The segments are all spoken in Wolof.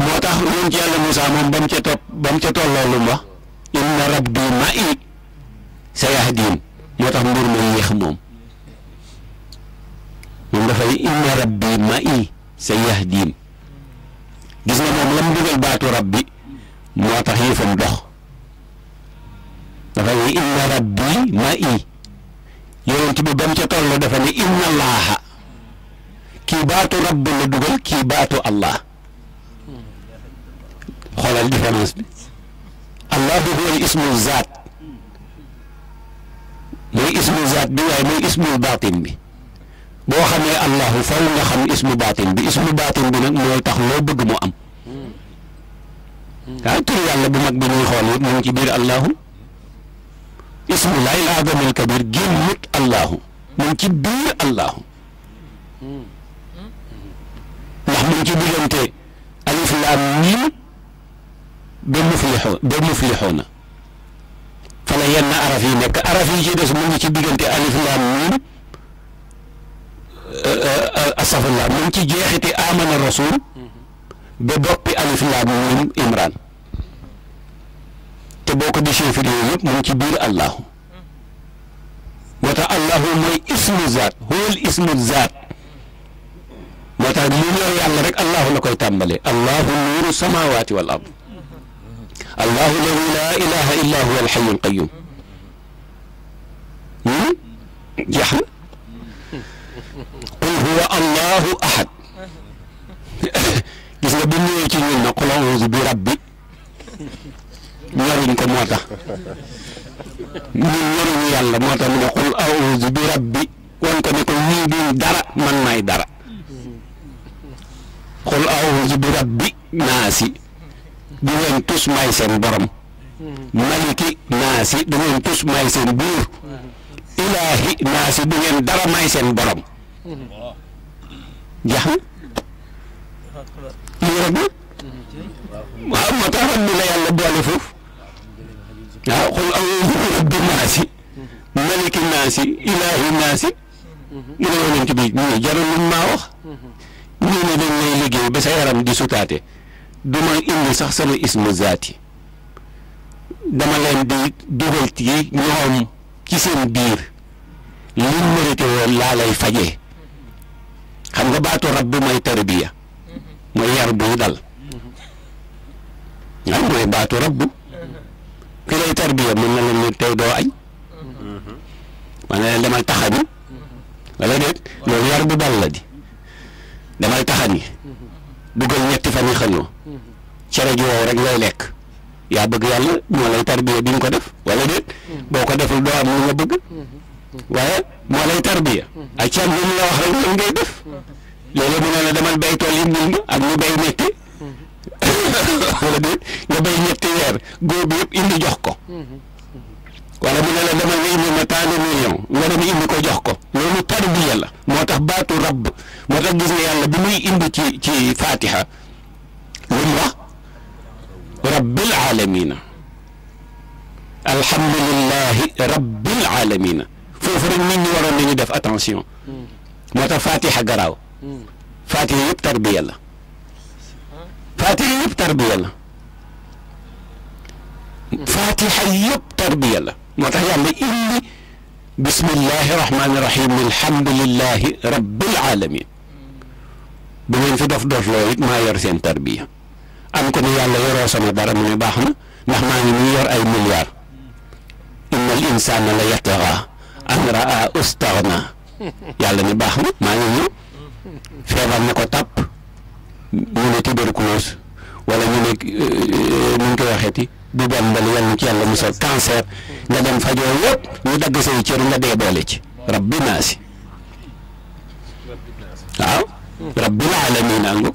moo tax yoon ci yàlla Moussa mu ca topp ba mu ca tolloo lu ma inna rabbi ma'i sayahdin moo tax mbir ma yéex moom moom dafay inna rabbi ma'i sayahdin gis nga moom la mu dugal baatu rabbi moo tax yëfam dox dafa ne inna rabbi ma'i yonent bi ba mu ca tolloo dafa ne inna allaaha kii baatu rabbi la dugal kii baatu allah xoolal différence bi allahu huwa ismu zaat mooy ismu zaat bi waaye mooy ismu baatin bi boo xamee allahu faw nga xam baatin bi ismu baatin bi nag mooy tax loo bëgg mu am ah tur yàlla bu mag bi ñuy xool yëpp ci biir allahu ismu laay la adamil kabir génnut allahu mu ngi ci biir allahu ndax mu ci diggante alif laam ba muflixu ba muflixuuna fa la yenn araf yi nekk ci des mu ngi ci diggante alif laam miim euh, euh, astafurlah mu ci jeexiti amana rasul ba boppi alif laam miim te boo ko di chefir yooyu yëpp mu ngi ci biir allahu moo tax allahu mooy ismu zaat huwal ismu zaat moo tax mu ñëw rek allahu la koy tàmbale allahu nuuru samawaati wal ard allahu alladi laa ilaha illa huwa alxayu alqayum hmm? jeex na qul huwa allahu ahad gis nga bu ñëwee ci ñun na qul auzu bi rabbi ñoruñ ko moo tax ñun ñoruñu yàlla moo tax mu ne qul auzu bi rabbi wan ko ne ko ñii duñ dara man maay dara qul auzu bi rabbi naasi du ngeen tus may seen borom maliki naasi du ngeen tus may seen buur ilaahi naasi du ngeen dara may seen borom jax na lii rek moo tax rabbi la yàlla boole foofu waaw xul aw rabbi naasi maliki naasi ilaahi naasi mu ne yonent bi ñu ne jarul lu maa wax ñu ne dañ lay liggéey ba sa yaram di sutaate duma indi sax sama ismu zaati dama leen di dugal ci ñoom ci seen biir li mu mérité laa lay fajee xam nga baatu rabbu mooy tarbiya mooy yar buy dal waaw mooy baatu rabbu ki lay tarbiya mën na leen ni tey doo añ ma ne leen demal taxani wala déet loolu yar bu dal la di demal taxani dugal ñetti fan yi xanoo cere ju wow rek ngay lekk yaa bëgg yàlla moo lay tarbiya di nga ko def wala déet mm-hmm. boo ko deful doo am lu nga bëgg mm-hmm. waaye moo lay tarbiya ak ceeb lu mu def mm-hmm. léeg-léeg mu ne la demal béy tool ak ñu béy metti wala déet weer góor bi yëpp indi jox ko wala mu ne la demal nga indi ma tant de million nga dem indi ko jox ko loolu tarbiya la moo tax baatu rabb moo tax gis nga yàlla bi muy indi ci ci fatiha lu mu wax rabbil aalamiina alhamdulillahi rabbil aalamiina foofu rek nit ñi waroon nañu def attention moo tax fatiha garaaw fatiha yëpp tarbiya la fatiha yëpp tarbiya la fatiha yëpp tarbiya la moo tax yàlla indi bismillahi rahmaani rahim alhamdulillahi rabbil bu ngeen fi dof dof loo it maa yor am ko ni yàlla yoroo sama dara mu ne baax na ndax maa ngi mu yor ay milliards inna al insana la yataxa an raa ustaxna yàlla ni baax na maa ngi nii feebar na ko tàpp mu ne tuberculose wala ñu ne mu euh, ñu koy waxeeti bu benn bal yàlla ci yàlla musal cancer nga dem fajoo yëpp ñu dagg say cër nga dee boole ci rabbi naasi waaw rabbil alamin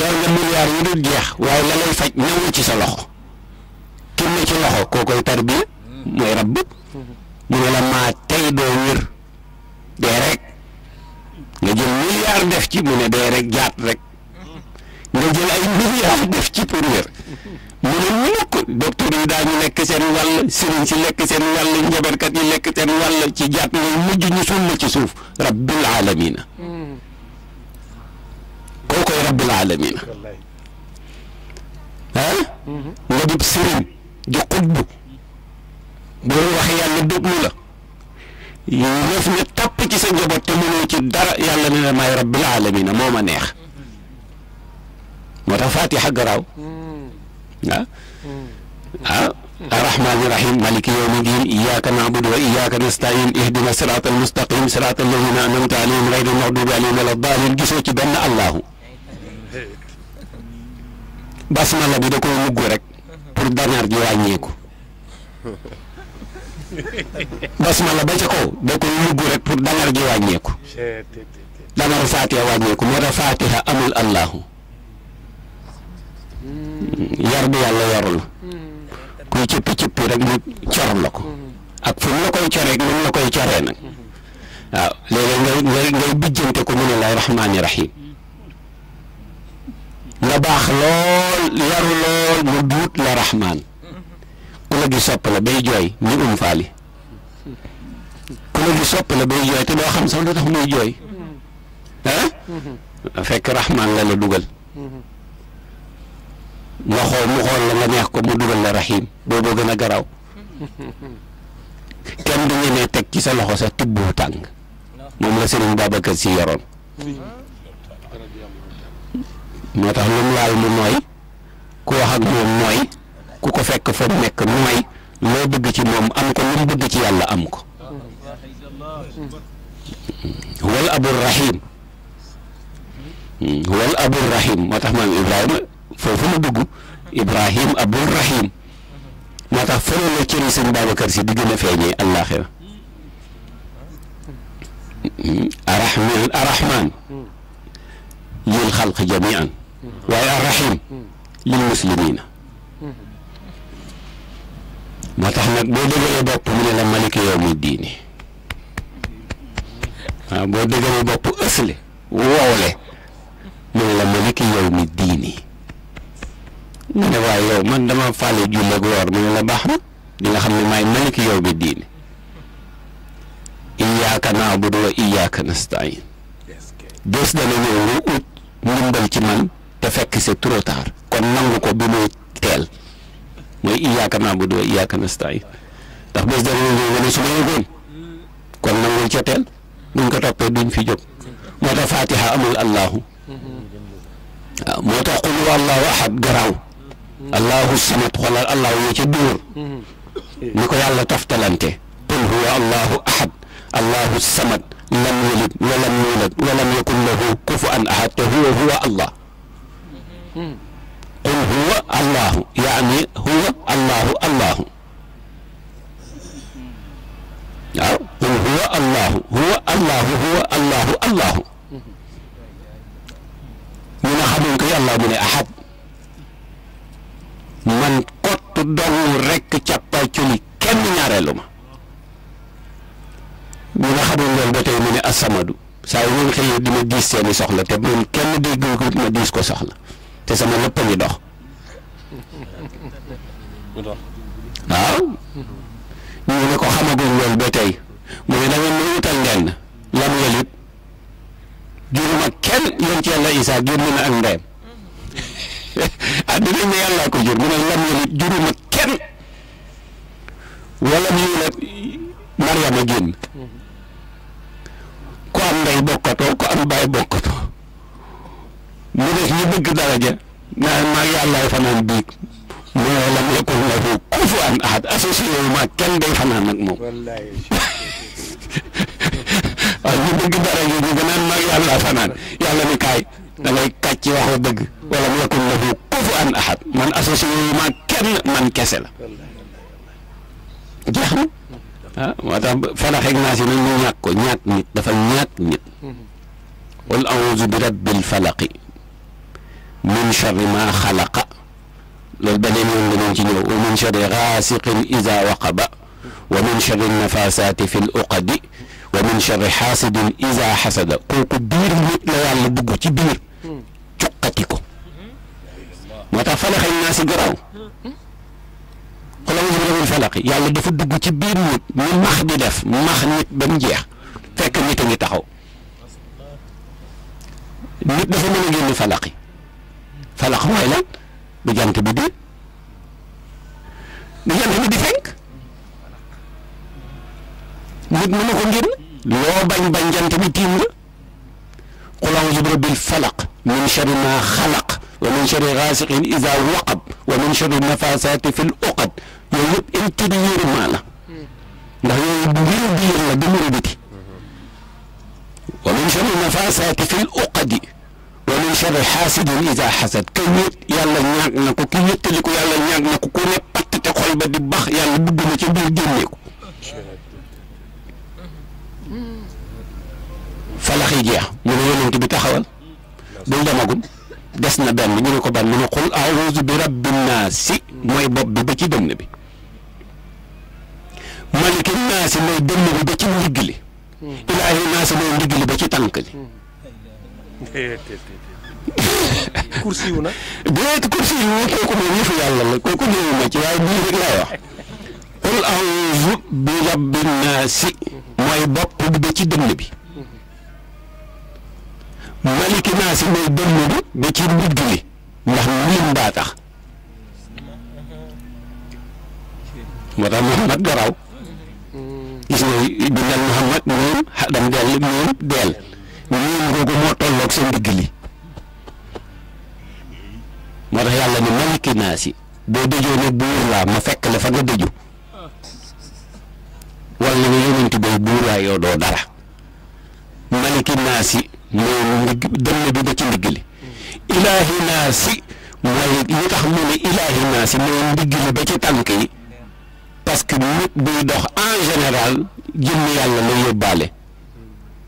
yor nga milliards yu dul jeex waaye la lay faj ñëw ci sa loxo kim ne ci loxo koo koy tarbiya mooy rabb mu ne la maa tey doo wér dee rek nga jël milliards def ci mu ne dee rek jaat rek nga jël ay milliards def ci pour wér mu ne mukk docteur yi daañu lekk seen wàll sëriñ si lekk seen wàll njabarkat yi lekk seen wàll ci jaat ngay mujj ñu suul la ci suuf rabbil alamina rabbil aalamiin ah nga jub sëriñ ju xutbu boo wax yàlla déglu la yëf ne tàpp ci sa njaboot te mënoo ci dara yàlla ne la maay rabbil aalamiin moo ma neex moo tax Fatiha garaaw ah ah arrahmaani rahiim maliki yawmi diin iyyaaka na'budu wa iyyaaka nasta'iin ihdina siraatal mustaqiim siraatal laziina an'amta alayhim ghayril maghduubi alayhim wala ddaalliin gisoo ci benn allahu basmala bi da koy mugg rek pour ganaar gi wàññeeku basmala ba ca kaw da koy mugg rek pour ganaar gi wàññeeku danaru faatiha wàññeeku moo tax faatiha amul allahu yar bi yarul kuy cippi cippi rek mu cor la ko ak fu mu la koy coree mu la koy coree nag waaw léeg-léeg ngay ngay bijjante ko mu ne lay rahmaani nga baax lool yaru lool mu duut la raxmaan ku la gi sopp la bay jooy ni um faali ku la gi sopp la bay jooy te doo xam sax lu tax muy jooy ah fekk raxmaan la la dugal nga xool mu xool la nga neex ko mu dugal la raxiim booboo gën a garaaw kenn du ñemee teg ci sa loxo sa tibbuu tàng moom la Sëriñ Babacar Si yoroon moo tax lu mu laal mu nooy ku wax ak moom nooy ku ko fekk fa mu nekk nooy loo bëgg ci moom am ko lu mu bëgg ci yàlla am ko wal abur rahim wal abur rahim moo tax maam ibrahima foofu la dugg ibrahim abur rahim moo tax fële la cëri sëñ Babacar si di gën a feeñee àllaaxira arahman arahman xalq jamian waaye arrahim lil muslimina moo tax nag boo dëgëree bopp mu ne la malik yawmi diini boo dëgëree bopp ësle woowle ne ne waaye yow man dama fàlle julli ak woor mu ne la baax na di nga xam ne maay malik yawmi diini iyaaka naabudu wa iyaaka nastain des dana ñëw ut ndimbal ci man te fekk c'est trop kon nangu ko bi muy teel mooy iyyaaka na'budu wa iyyaaka nasta'iin ndax bés dana ñëw wala su ma yëgoon kon nangul ca teel buñ ko toppee duñ fi jóg moo tax Fatiha amul Allahu waaw moo tax qul huwa Allahu ahad garaaw Allahu samad xoolal ko yàlla taftalante qul huwa Allahu ahad Allahu samad lam yalid wa lam yulad wa lam yakun lahu ahad te huwa huwa Allah. qul huwa allahu yaani huwa allahu allahu waaw qul huwa allahu huwa allahu huwa allahu allahu ñu ne xamoon ko yàlla mu ne ahad man kott dong rekk càppaay culi kenn ñaareelu ma ñu ne xamoon loolu ba tey mu ne asamadu saa yu ngeen xëyee di ma diis seeni soxla te moom kenn dégg ko ma diis ko soxla te sama lépp a ngi dox waaw ñu ne ko xamagul loolu ba tey mu ne da ngeen ma utal ngeen lam juruma kenn yoon ci yàlla Isaa jur na ak ndeyam ah dinañ yàllaa ko jur mu ne lam yelit juruma kenn wala mu yulat Mariama génn ku am ndey bokkatoo ku am baay bokkatoo mu des ñu bëgg daraja naan maag yàllaay fanaan biig mu ne lam yakun lahu kufuwan ahad associé wu maag kenn day fanaan ak moom waaw ñu bëgg daraja ñu naan maag yàllaa fanaan yàlla ni kaay da ngay kàcc waxoo dëgg walam yakun lahu kufuwan ahad man associé wu maag kenn man kese la jeex na ah moo tax faraxeeg naa si nañ ñu ñàkk ko ñaat nit dafa ñaat nit qul mm-hmm. a'uuzu bi rabbil falaqi min charri ma xalaqa la beneen yoon dinañ ci ñëw wa min charri gaasiqin ida waqaba wa min charri nafasaati fi l uqadi wa min charri xaasidin ida xasada kooku biir nit la yàlla dugg ci biir cuqati ko moo tax falaxañ naa si garaaw xolal si rabul falaq yàlla dafa dugg ci biir nit ñu di def max nit ba mu jeex fekk nit a ngi taxaw nit dafa mën a génn falaqi falax mooy lan du jant bi di du jant bi di fenk nit mënu ko ngir loo bañ bañ jant bi tiim nga qul a'uuzu bi rabbil falaq min sharri maa xalaq wa min sharri gaasiqin izaa waqab wa min sharri nafaasaati fil uqad yooyu yëpp intérieurement la ndax yooyu mbiru biir la du mbiru biti wa min sharri nafaasaati fil uqadi wa min sharri xaasidin iza xasad ka wéet yàlla ñaag na ko ki wéttaliku yàlla ñaag na ko ku ne patt te xol ba di bax yàlla dugg na ci biir génne ko falax yi jeex ñu ne yonent bi taxawal bul demagum des na benn ñu ne ko ban mu ne qul a'uuzu bi rabbin naasi mooy bopp bi ba ci dënn bi maliki naasi mooy dënn bi ba ci ndigg li ilaahi naasi mooy ndigg li ba ci tànk li kursiwu na. bu dee kursiwu kooku moom yëfu yàlla la kooku ñëwuma ci waaye bii rek laa wax. mooy bopp bi ba ci dënn bi. maliki naasi mooy dënn bi ba ci ndigg li ndax miin baa tax. moo tax Muhammad garaw mm. gis nga bi mel moom xadam dell moom dell. ñaan googu moo tolloog sa ndigg li moo tax yàlla ni maliki boo dëjoo ne buur laa ma fekk la fa nga dëju walla nga yonent boobu buur laa yow doo dara maliki naa mooy ndigg dënn bi ba ci ndigg li ilaahi naa mooy li tax mu ne ilaahi naa mooy ndigg li ba ci tànk yi parce que nit buy dox en général jëmm yàlla la yóbbaale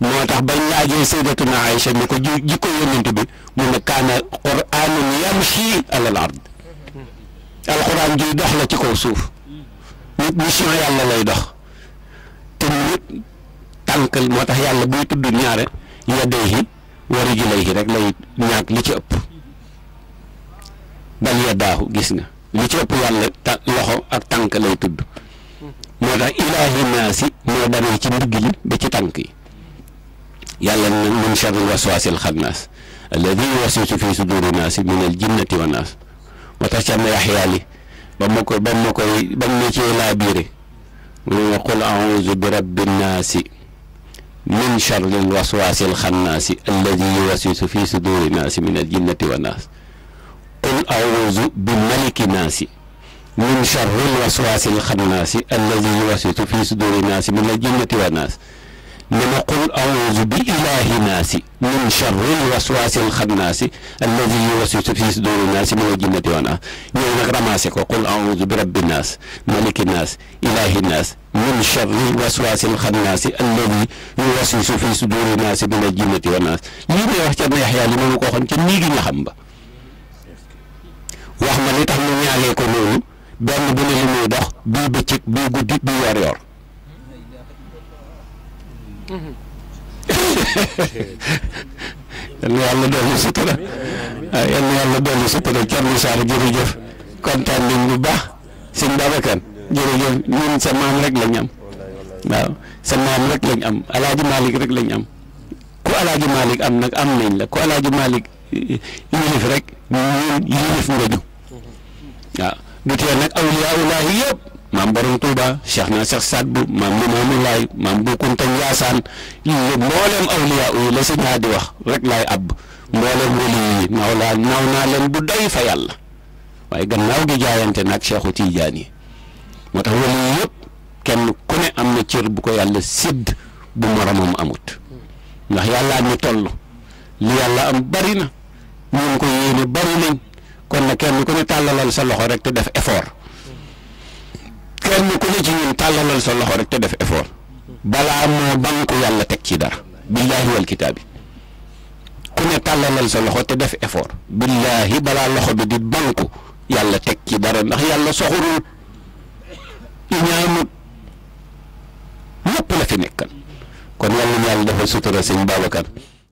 moo tax bañ laajee sayyidatuna Aïcha ni ko ji jikko yonent bi mu ne kaana quraanun yamshi alal ard alxuraan juy dox la ci kaw suuf nit mission yàlla lay dox te nit tànk moo tax yàlla buy tudd ñaare yadayhi wa rijlayhi rek lay ñaag li ci ëpp bal yadaahu gis nga li ci ëpp yàlla loxo ak tànk lay tudd moo tax ilaahi naasi moo demee ci ndigg li ba ci tànk yi yàlla nag min sharril waswaasil xannaas alladi yuwaswisu fi suduri naasi minal jinnati wa naas moo tax ca may axyaali ba ma ko ba ma koy ba ma cee laa biire mu ne qul auzu bi rabbi naasi min sharril waswaasil xannaasi alladi yuwaswisu fi suduri naasi minal jinnati wa naas qul auzu bi maliki naasi min sharril waswaasil xannaasi alladi yuwaswisu fi suduri naasi minal jinnati wa naas li ma qul auzu bi ilaahi naasi min charril waswaasil xannaasi alladi yuwaswisu fi suduuri naasi min al jinnati wan ah ñëw nag ramassé ko qul auzu bi rabbi naas maliki naas ilaahi naas min charril waswaasil xannaasi alladi yuwaswisu fi suduuri naasi min al jinnati wan naas lii may wax ca na Yaxya li ma la ko waxoon ca nii gi nga xam ba wax ma li tax mu ñaalee ko noonu benn bu ne li muy dox bii bëccëg bii guddi bii yor-yor. yal na yàlla dolli sutura yal na yàlla dolli sutura Thierno Sarr kontaan nañ bu baax sëñ Babacar jërëjëf ñun sa maam rek lañ am waaw sa maam rek lañ am El Hadj Malick lañ am ku El Hadj am nag am nañ la ku El Hadj Malick eh, rek ñun yilif nga ñu waaw du nag awliyaa ulaahi yëpp. maam borom Touba Cheikh na Cheikh Saad Bu maam Limaamu Laay maam Bu Kunta Njaasaan lii mbooleem awliyaa yi la sëñ di wax rek laay àbb mbooleem wali yi naaw laa naaw naa leen bu doy fa yàlla waaye gannaaw gi jaayante nag Cheikhu Tiijaan yi moo tax wali yi kenn ku ne am na cër bu ko yàlla sidd bu moromam amut ndax am ñu toll li yàlla am bari na ñun ko yéene bari nañ kon na kenn ko ne tàllalal sa loxo rek te def effort kenn ku ne ci ñun tàllalal sa loxo rek te def effort balaa moo banku yàlla teg ci dara billaahi wal kitaabi ku ne tàllalal sa loxo te def effort billaahi balaa loxo bi di banku yàlla teg ci dara ndax yàlla soxorul iñaanut lépp la fi nekkal kon yàlla na yàlla dafa sutura sëñ Babacar